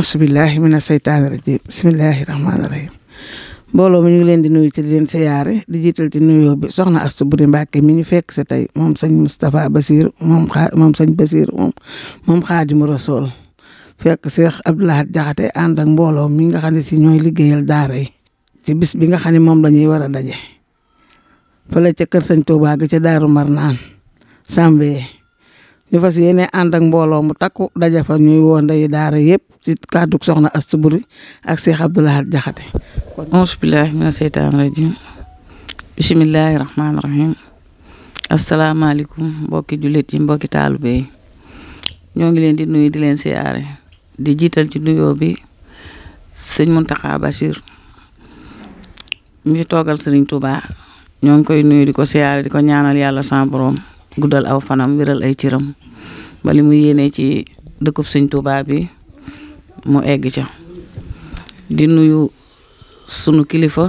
bismillahi mina seytaani rajim bismillahi rahmaani rahim mbooloo mi ñu ngi leen di nuyu ci di leen siyaare di jiital ci nuyoo bi soxna Asta Buri Mbàkke mi ñu fekk si tey moom sëñ Moustapha Basir moom xa moom moom moom Xaadimu Rasuul fekk Seex Abdoulahat Jaxate ànd ak mbooloo mi nga xam ne si ñooy liggéeyal daara yi ci bis bi nga xam ne moom la ñuy war a daje fële ca kër sëñ Tuubaa gi ca Daaru Marnaan Sambe ñu fas yéene ànd ak mbooloo mu takku daje fa ñuy woo ndeyu daara yëpp ci kàddu soxna Astou Boury ak Cheikh Abdou Lahad Diakhaté kon auzu billaahi mina seytaani mbokki jullit yi mbokki taalibe yi ñoo ngi leen di nuyu di leen siyaare di jiital ci nuyoo bi sëñ Muntaxa Bachir mi fi toogal sëriñ Touba ñoo ngi koy nuyu di ko siyaare di ko ñaanal yàlla sama borom guddal aw fanam wéral ay ciram ba li mu yéene ci dëkku sëñ Tuubaa bi mu egg ca di nuyu sunu kilifa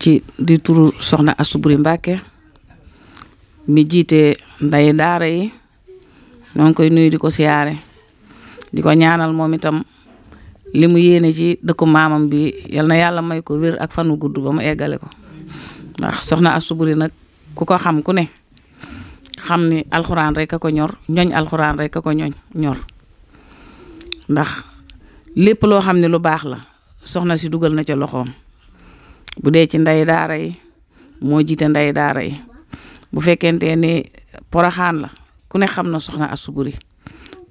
ci di turu soxna Asuburi Mbàkke mi jiite nday daara yi ñoo ngi koy nuyu di ko siyaare di ko ñaanal moom itam li mu yéene ci dëkku maamam bi yal na yàlla may ko wér ak fan wu ba mu eggale ko soxna Asuburi nag ku ko xam ku ne xam ni alxuraan rek a ko ñor ñoñ alxuraan rek a ko ñoñ ñor ndax lépp loo xam ne lu baax la soxna si dugal na ca loxoom bu dee ci ndey daara yi moo jiite ndey daara yi bu fekkente ni poroxaan la ku ne xam na soxna asuburi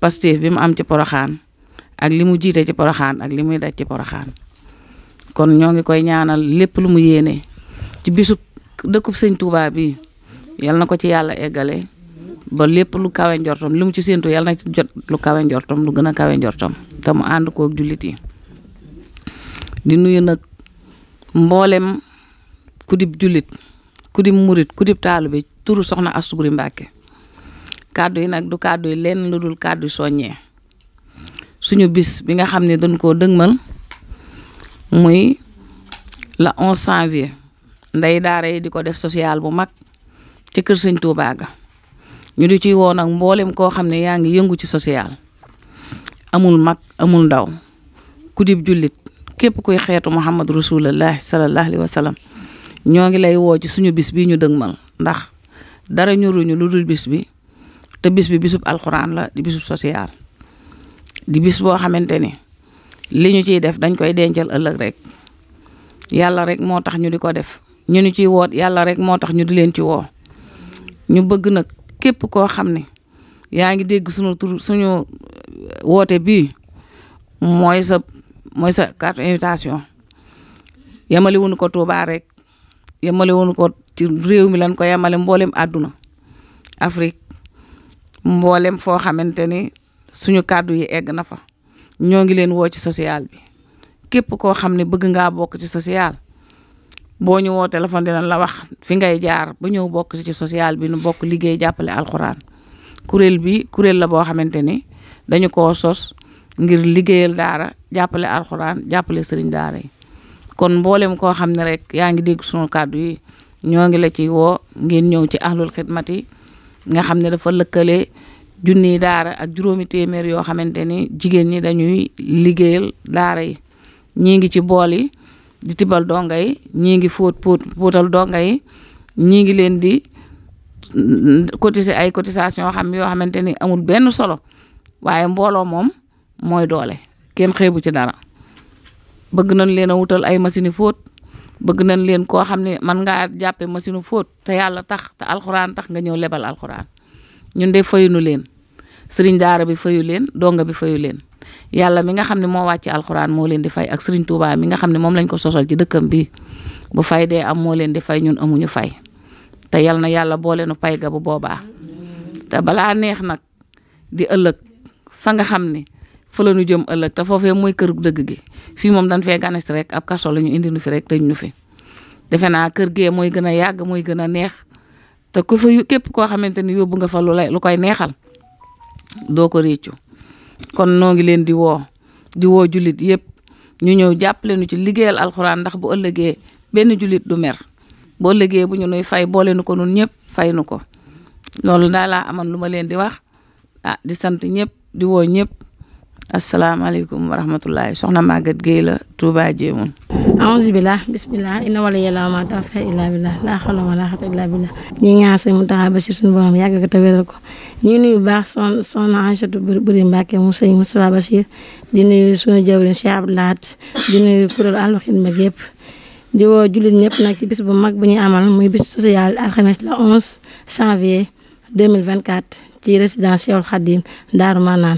Pastef bi mu am ci poroxaan ak li mu jiite ci poroxaan ak li muy daj ci poroxaan kon ñoo ngi koy ñaanal lépp lu mu yéene ci bisub dëkkub sëñ Touba bi yal na ko ci yàlla eggale ba lépp lu kawe njortam li mu ci séentu yal na ci jot lu kawe njortam lu gën a kawe njortam te mu ànd kook julit yi di nuyu nag mboolem kudib jullit kudib murit kudib taalibe turu soxna Astou Boury Mbacké kàddu yi nag du kàddu yi lenn lu dul kàddu soññee suñu bis bi nga xam ne dañ koo dëgmal muy la 11 janvier ndey daara yi di ko def social bu mag ci kër sëñ tuubaaga ñu di ci woo nag mboolem koo xam ne yaa ngi yëngu ci social amul mag amul ndaw ku dib jullit képp kuy xeetu Muhammad Rasulullah sallallahu alayhi wa sallam ñoo ngi lay woo ci suñu bis bi ñu dëgmal ndax dara ñuruñu lu dul bis bi te bis bi bisub alxuraan la di bisub social di bis boo xamante ni li ñu ciy def dañ koy dencal ëllëg rek yàlla rek moo tax ñu di ko def ñu ni ciy woot yàlla rek moo tax ñu di leen ci woo ñu bëgg nag képp koo xam ne yaa ngi dégg suñu tur suñu euh, woote bii mooy sa mooy sa carte invitation yemale wuñu ko Touba rek yemale wuñu ko ci réew mi lan ko yemale mbooleem àdduna Afrique mboolem foo xamante ni suñu kàddu yi egg na fa ñoo ngi leen woo ci social bi képp koo xam ne bëgg ngaa bokk ci social boo ñu woo téléphone dinañ la wax fi ngay jaar ba ñëw bokk ci social bi nu bokk liggéey jàppale alxuraan kuréel bi kuréel la boo xamante ni dañu ko sos ngir liggéeyal daara jàppale alxuraan jàppale sëriñ daara yi kon mboolem koo xam ne rek yaa ngi dégg sunu kàddu yi ñoo ngi la ci woo ngeen ñëw ci ahlul xidmat nga xam ne dafa lëkkale junniy daara ak juróomi téeméer yoo xamante ni jigéen ñi dañuy liggéeyal daara yi ñii ngi ci bool yi di tibal donga yi ñii ngi fóot póot póotal donga yi ñii ngi leen di mm, cotiser ay cotisation xam yoo xamante ni amul benn solo waaye mbooloo moom mooy doole kenn xeebu ci dara bëgg nañ leen a wutal ay machine fóot bëgg nañ leen koo xam ne man ngaa jàppe machine fóot te yàlla tax te alxuraan tax nga ñëw lebal alxuraan ñun de fayunu leen sëriñ daara bi fayu leen donga bi fayu leen yàlla mi nga xam ne moo wàcc alxuraan moo leen di fay ak Serigne Touba mi nga xam ne moom lañ ko sosal ci dëkkam bi bu fay dee am moo leen di fay ñun amuñu fay te yal na yàlla boole nu pay ga bu boobaa te balaa neex nag di ëllëg fa nga xam ne fa la ñu jëm ëllëg te foofee mooy kër dëgg gi fii moom dañ fee ganes rek ab kaso la ñu indi nu fi rek dañ ñu fi defe naa kër gee mooy gën a yàgg mooy gën a neex te ku fa képp koo xamante ni yóbbu nga fa lu lay lu koy neexal doo ko réccu kon noo ngi leen di woo di woo julit yëpp ñu ñëw jàppale nu ci liggéeyal alxuraan ndax bu ëllëgee benn julit du mer bu ëllëgee bu ñun nuy fay boole nu ko nun ñëpp fay nu ko loolu daal laa amoon lu ma leen di wax ah di sant ñëpp di woo ñëpp. asalaamaaleykum wa rahmatullahi soxna Maguette Gueye la Touba Jéemoon. auzu billah bismillah inna wala yàlla ma tawfiq illa billah laa hawla wala quwwata illa billah. ñu ngi ñaan sëñ Mountakha Bachir suñu borom yàgg ko te wéral ko ñu ngi nuyu baax son soxna Aïssatou Buri Mbacke mu sëñ Moustapha Bachir di nuyu suñu jawriñ Cheikh Abdou Lahat di nuyu kuréel Ahlu Xidma gépp di woo jullit ñëpp nag ci bis bu mag bu ñuy amal muy bis social alxames la 11 janvier 2024 ci résidence Cheikhoul Khadim Daaru Manaan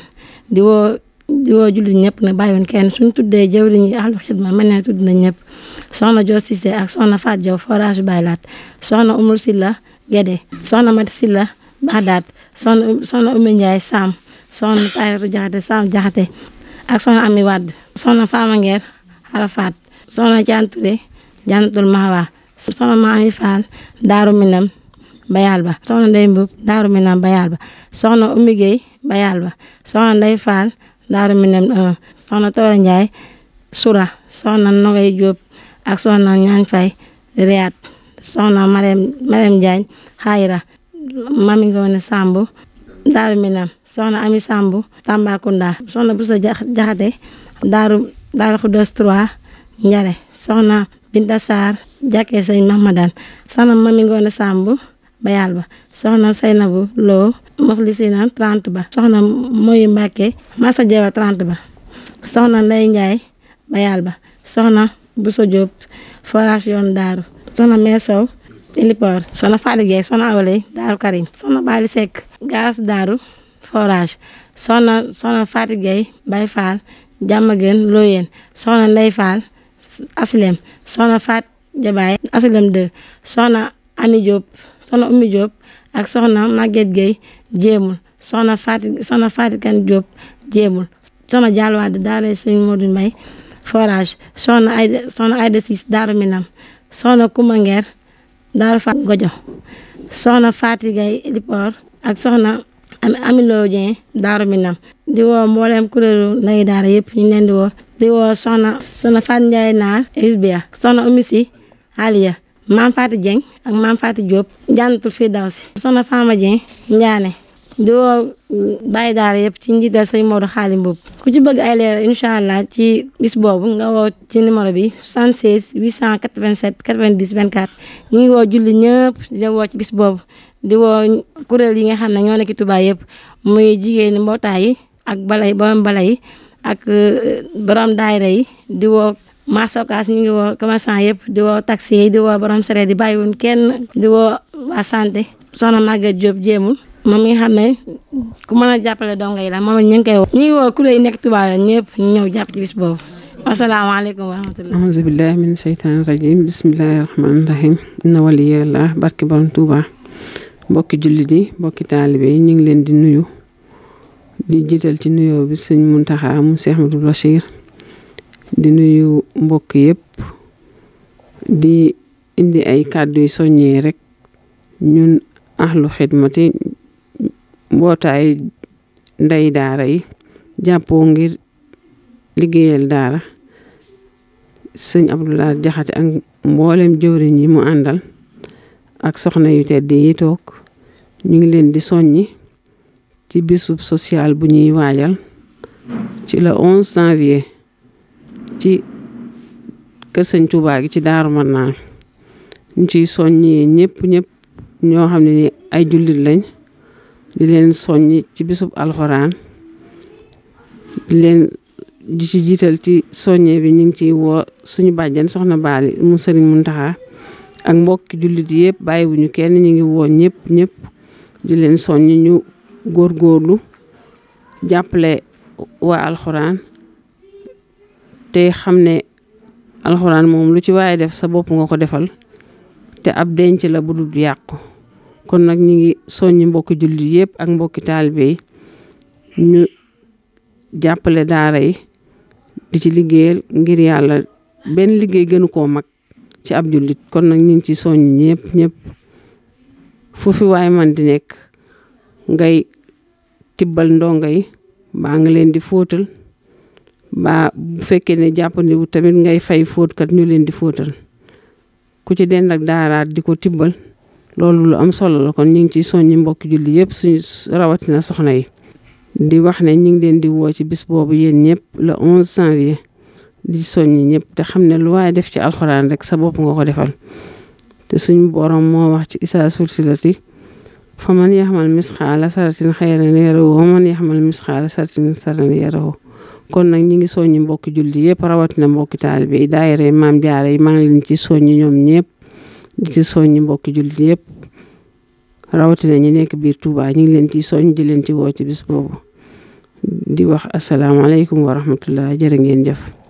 di woo. di woo jullit ñëpp ne bàyyiwoon kenn suñ tuddee jawriñ yi ahlu xidma mel ne tudd nañ ñëpp soxna Dior Cissé ak soxna Fat Diaw forage Baylaat soxna na Silla Guédé soxna Mati Silla Badaat soxna soxna Oumy Ndiaye Sam soxna Tayratu Jaxate Sam Jaxate ak soxna Ami Wadd soxna Fama Ngeer Arafat soxna Jaan Touré Jaanatul Mahwa soxna Maami Fall Daaru Minam Bayal Ba soxna Ndey Mbub Daaru Minam Bayal Ba soxna Oumy Gueye Bayal Ba soxna Ndey Fall Daaru Minam un euh, soxna Toora Ndiaye Soura soxna Nogay Diop ak soxna Ñaan Fay Riyad soxna Marème Marème Diagne Xayra Mami Ngoone Samb Daaru Minam soxna Ami Samb Tambacounda soxna Busa Jaxate Daaru Daaru Xudos 3 Njare soxna Binta Sarr Jàkke Sëñ Mahmadan soxna Mami Ngoone bayal ba soxna Saynabu Lo Moflisina 30 ba soxna Moyi Mbàkke Massa Jeeba 30 ba soxna Ndey Njaay bayal ba soxna Buso Jóob forage yoon daaru soxna Mee Ilipor soxna Faali Jeey soxna Awaley daaru Karim soxna Baali Sekk daaru forage soxna soxna Faati Jeey Bay Faal Jàmmageen Looyeen soxna Ndey Faal asilem soxna Faat Jabaay asilem 2 soxna Ami Jóob soxna Oumy Diop ak soxna Maguette Gueye jéemul soxna Fati soxna Fati Kane Diop jéemul soxna Diallo Wade forage soxna Aïda soxna Aïda Ciss Daaru Minam soxna Kouma Daaru Fat Gojo soxna Fati Gaye Lipor ak soxna Amilo Dieng Daaru Minam di woo mbooleem kuréelu ndeyu daara yëpp ñu leen di woo di woo soxna soxna Fat Ndiaye Naar Isbia soxna Oumy Aliya maam Fatou Dieng ak maam Fatou Diop jànnatul fii daw si soxna Fama Dieng Ndiané doo mm, bàyyi daara yëpp ci njiital sëñ Modou Xaalim Mbuub ku ci bëgg ay leer incha allah ci bis boobu nga woo ci numéro bi 76 887 vingt 24 ñu ngi woo julli ñëpp di woo ci bis boobu di woo kuréel yi nga xam ne ñoo nekk Touba yëpp mu jigéen mbootaay yi ak balay borom balay yi ak euh, borom daayira yi di Massokas ñu ngi woo commerçant yëpp di woo taxi di woo borom sere di bàyyiwun kenn di woo waa santé soxna Maguette Diop jéemul moom mi nga xam ne ku mën a jàppale dongo yi la moom ñu ngi koy woo. ñu ngi woo kuréel nekk Touba la ñëpp ñu jàpp ci bis boobu. asalaamaaleykum wa rahmatulah. auzu billahi min seytaani rajim bismillahi rahmaani rahim inna waliyallah ñu ngi leen di nuyu. di jiital ci nuyoo bi sëñ Muntaxa mu Seex Ahmadul di nuyu mbokk yépp di indi ay kàddu yu soññee rek ñun ahlu xidmati mbootaay ndey daara yi jàppoo ngir liggéeyal daara sëñ Abdoulaye Jaxate ak mboolem jëwriñ yi mu àndal ak soxna yu tedd yi toog ñu ngi leen di soññi ci bisub social bu ñuy waajal ci la 11 janvier kër sëñ Touba gi ci Daaru Marnaan ñu ciy soññee ñëpp ñëpp ñoo xam ne ni ay jullit lañ di leen soññ ci bisub alxuraan di leen di ci jiital ci soññee bi ñu ngi ciy woo suñu bàjjen soxna Baali mu sëriñ Muntaxa ak mbokki jullit yëpp bàyyiwuñu kenn ñu ngi woo ñëpp ñëpp di leen soññ ñu góorgóorlu jàppale waa alxuraan te xam ne alxuraan moom lu ci waaye def sa bopp nga ko defal te ab denc la bu dul yàqu kon nag ñu ngi soññ mbokki jullit yëpp ak mbokki taal yi ñu jàppale daara yi di ci liggéeyal ngir yàlla benn liggéey gënu koo mag ci ab jullit kon nag ñu ngi ci sooñ ñëpp ñëpp fu fi waay man di nekk ngay tibbal ndongo yi baa nga leen di footal ba bu fekkee ne jàppandiwul tamit ngay fay fóotkat ñu leen di fóotal ku ci dend ak daaraat di ko tibbal loolu lu am solo la kon ñu ngi ciy soññi mbokki julli yëpp suñu rawatina soxna yi. di wax ne ñu ngi leen di woo ci bis boobu yéen ñëpp la 11 janvier di soññi ñëpp te xam ne lu waaye def ci alxuraan rek sa bopp nga ko defal te suñ borom moo wax ci isaa sulsilati fa man yaxmal misqaala saratin xayran yarahu wa man yaxmal misqaala saratin saran yarahu kon nag ñi ngi soññi mbokki julli yëpp na mbokki taalibe yi daayira maam jaara yi maa ngi leen ci soññi ñoom ñëpp ñi ci soññi mbokki julli yëpp rawatina ñi nekk biir Touba ñi ngi leen ci soññ di leen ci woo ci bis boobu di wax asalaamaaleykum wa rahmatullah jërë ngeen jëf